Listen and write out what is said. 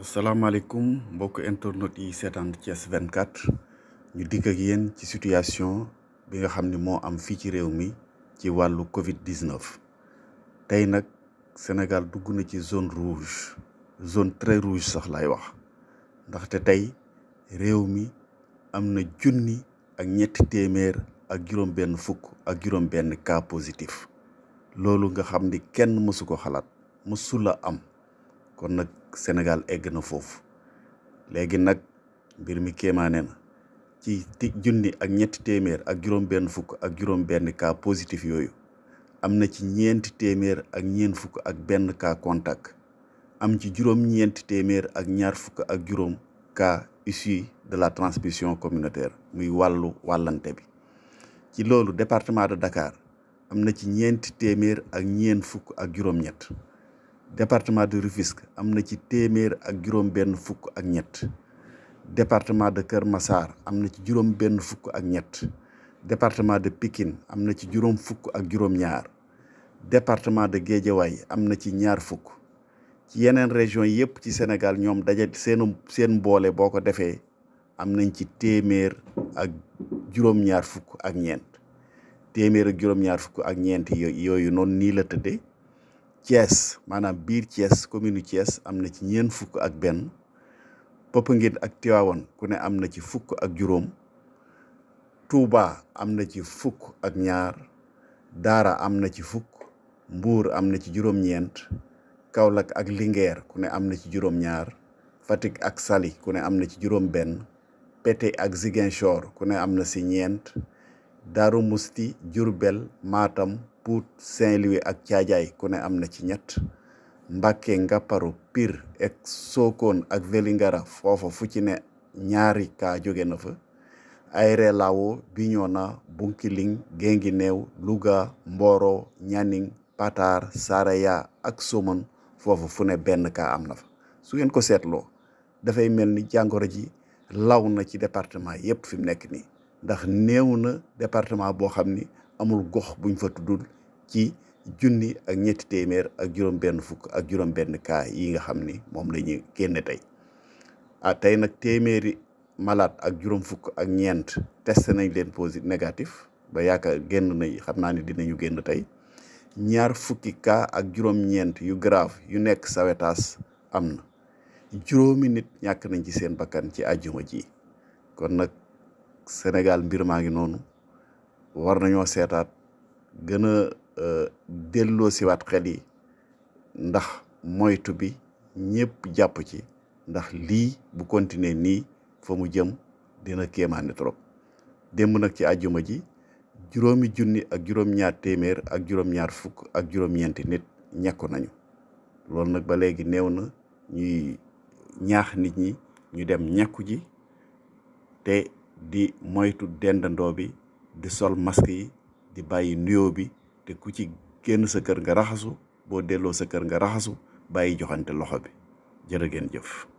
salaamaaleykum mbokk internet yi seetaan vingt 24 ñu dikk ak yéen ci situation bi nga xam ni moo am fii ci réew mi ci wàllu Covid 19 tey nag Sénégal dugg na ci zone rouge zone très rouge sax lay wax ndaxte tey réew mi am na junni ak ñetti téeméer ak juróom-benn fukk ak juróom-benn cas positif loolu nga xam ni kenn mësu ko xalaat mësula am. kon nag Sénégal egg na foofu léegi nag mbir mi kéemaane na ci ti junni ak ñetti téeméer ak juróom-benn fukk ak juróom-benn cas positif yooyu am na ci ñeenti téeméer ak ñeent fukk ak benn cas contact am ci juróom-ñeenti téeméer ak ñaar fukk ak juróom ka issus de la transmission communautaire muy wàllu wàllante bi ci loolu département de Dakar am na ci ñeenti téeméer ak ñeent fukk ak juróom-ñett département de Rufisque am na ci téeméer ak juróom-benn fukk ak ñett département de Kër Massar am na ci juróom-benn fukk ak ñett département de Pikine am na ci juróom fukk ak juróom-ñaar département de Guédiawaye am na ci ñaar fukk ci yeneen région yëpp ci Sénégal ñoom daje seenu seen mboole boo ko defee am nañ ci téeméer ak juróom-ñaar fukk ak ñeent téeméer ak juróom-ñaar fukk ak ñeent yooyu noonu nii la tëddee. Thiès maanaam biir Thiès commune Thiès am na ci ñeent fukk ak benn Popenguine ak Tivaouane ku ne am na ci fukk ak juróom Touba am na ci fukk ak ñaar Daara am na ci fukk mbuur am na ci juróom-ñeent Kaolack ak Linguère ku ne am na ci juróom-ñaar Fatick ak sali ku ne am na ci juróom-benn Pété ak Ziguinchor ku ne am na si ñeent Daaru Musti Jurbel Matam Pout Saint-Louis ak Caajaay ku ne am na ci ñett mbake Ngapparu piir ek Sokone ak Vélingara foofa fu ci ne ñaari kaa jóge na fa Aéré Lao Bignona Bunkiling Guinguinéo Louga Mboro Nianing Patar Saraya ak Somone foofa fu ne benn kaa am na fa su ngeen ko seetloo dafay mel ni jàngoro ji law na ci département yépp fi mu nekk nii ndax néew na département boo xam ni amul gox buñ fa tuddul ci junni ak ñett téeméer ak juróom-benn fukk ak juróom-benn cas yi nga xam ni moom la ñu tey ah tey nag téeméeri malade ak juróom fukk ak ñeent testé nañ leen positif négatif ba yaakaar génn nañ xam naa ni dinañu génn tey ñaar fukki ka ak juróom-ñeent yu grave yu nekk sawetaas am na juróomi nit ñàkk nañ ci seen bakkan ci àjjuma ji kon nag Sénégal mbir maa ngi noonu war nañoo seetaat gën a euh, delloo siwaat xel yi ndax moytu bi ñëpp jàpp ci ndax lii bu continuer nii fa mu jëm dina kéemaane trop démb nag ci àjjuma ji juróomi junni ak juróom-ñaar téeméer ak juróom-ñaar fukk ak juróom-ñeenti nit ñekku nañu loolu nag ba léegi néew na ñuy ñaax nit ñi ñu dem ñekku ji te di moytu dendandoo bi di sol masque yi di bàyyi nuyoo bi te ku ci génn sa kër nga raxasu boo delloo sa kër nga raxasu bàyyi joxante loxo bi a ngeen jëf